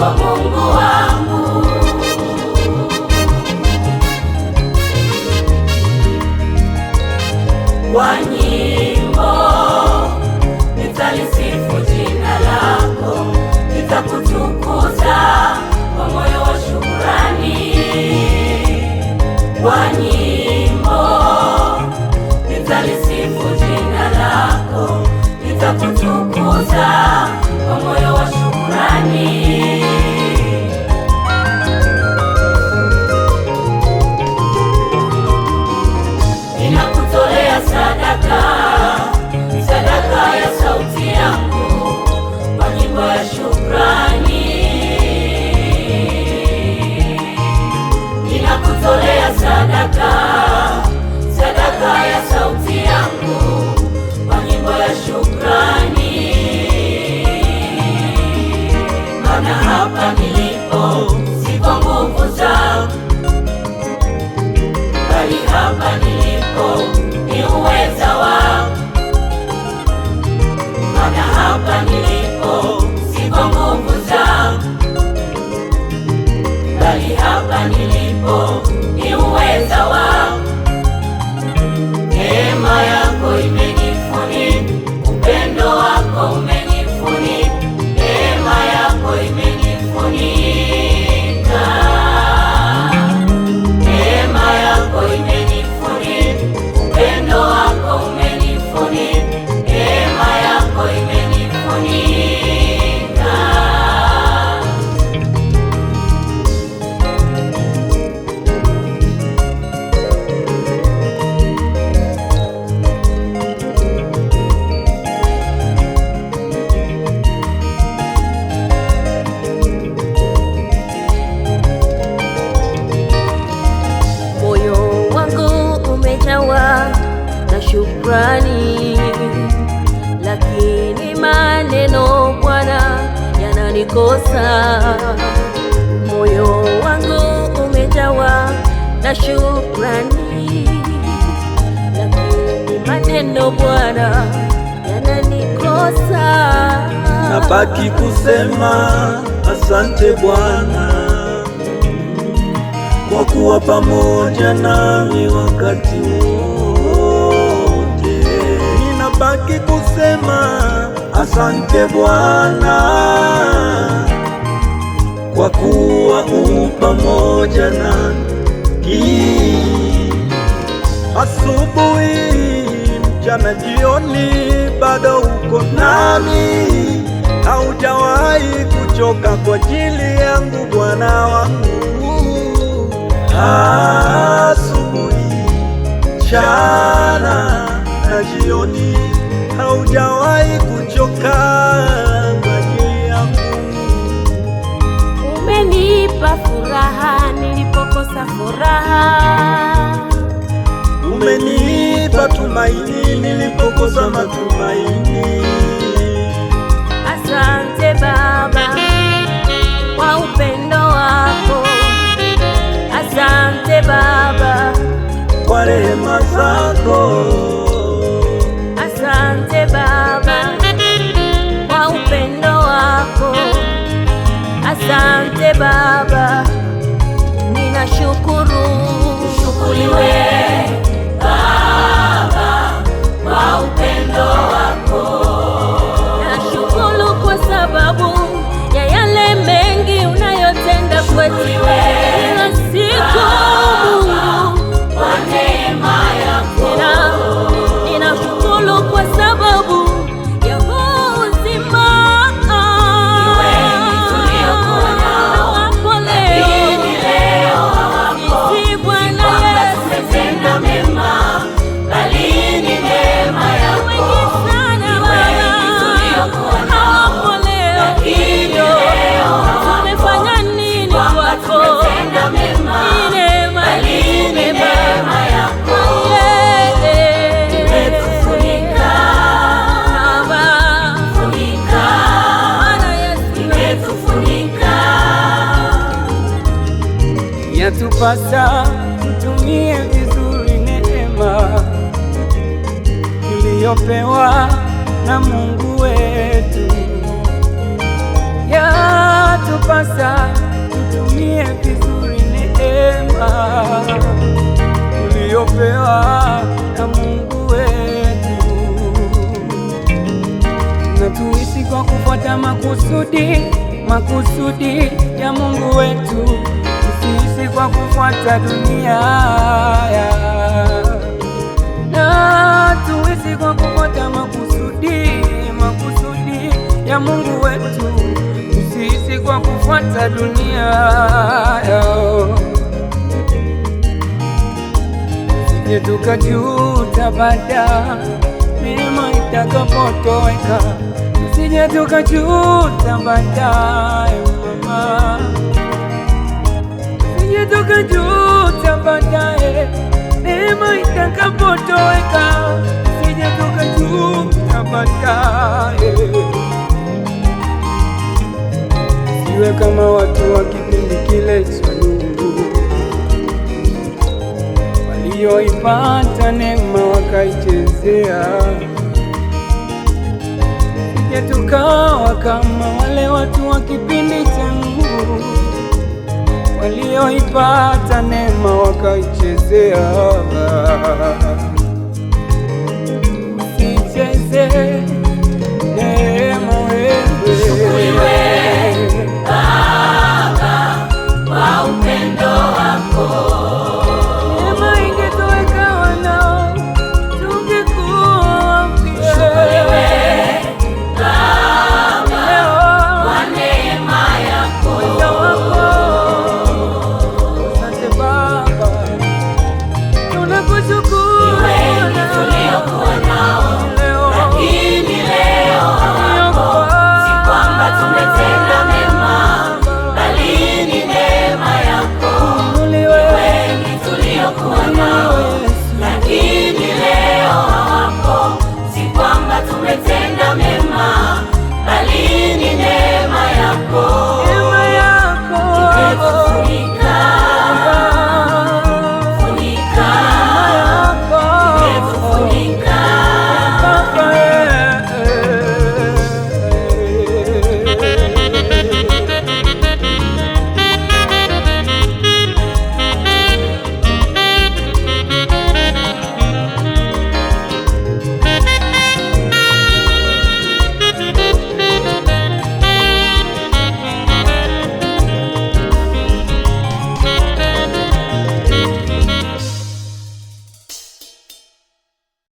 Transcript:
wako Mungu wangu. Kwa nyimbo nitalisifu jina lako, nitakutukuza kwa moyo wa shukurani. Kwa nyimbo nitalisifu jina lako, nitakutukuza kwa moyo wa ninakutolea sadaka hapa nilipo moyo wangu umejawa na shukrani, lakini maneno Bwana yananikosa. Nabaki kusema asante Bwana kwa kuwa pamoja nami wakati wote. Ninabaki kusema asante Bwana kwa kuwa u pamoja nami. Asubuhi, mchana, jioni, bado uko nami, haujawahi kuchoka kwa ajili yangu Bwana wangu. Asubuhi, mchana na jioni, haujawahi kukosa furaha. Umenipa tumaini nilipokosa matumaini. Asante Baba kwa upendo wako, asante Baba kwa rehema zako, asante Baba kwa upendo wako, asante Baba shukuru, shukuriwe Yapasa kutumie vizuri neema iliyopewa na Mungu wetu. Yatupasa mtumie vizuri neema iliyopewa na Mungu wetu, na tuishi kwa kufuata makusudi makusudi ya Mungu wetu dhambi kwa kufuata dunia na tuishi kwa kufuata makusudi makusudi ya Mungu wetu, tusiishi kwa kufuata dunia sije tukajuta baada milima itakapotoweka, sije tukajuta baada itakapotoweka sije toka juu na baadaye siwe kama watu wa kipindi kile cha Nuhu walioipata neema wakaichezea, sije kama wale watu wa kipindi cha walioipata neema wakaichezea. Usicheze neema wewe, Baba wa upendo wako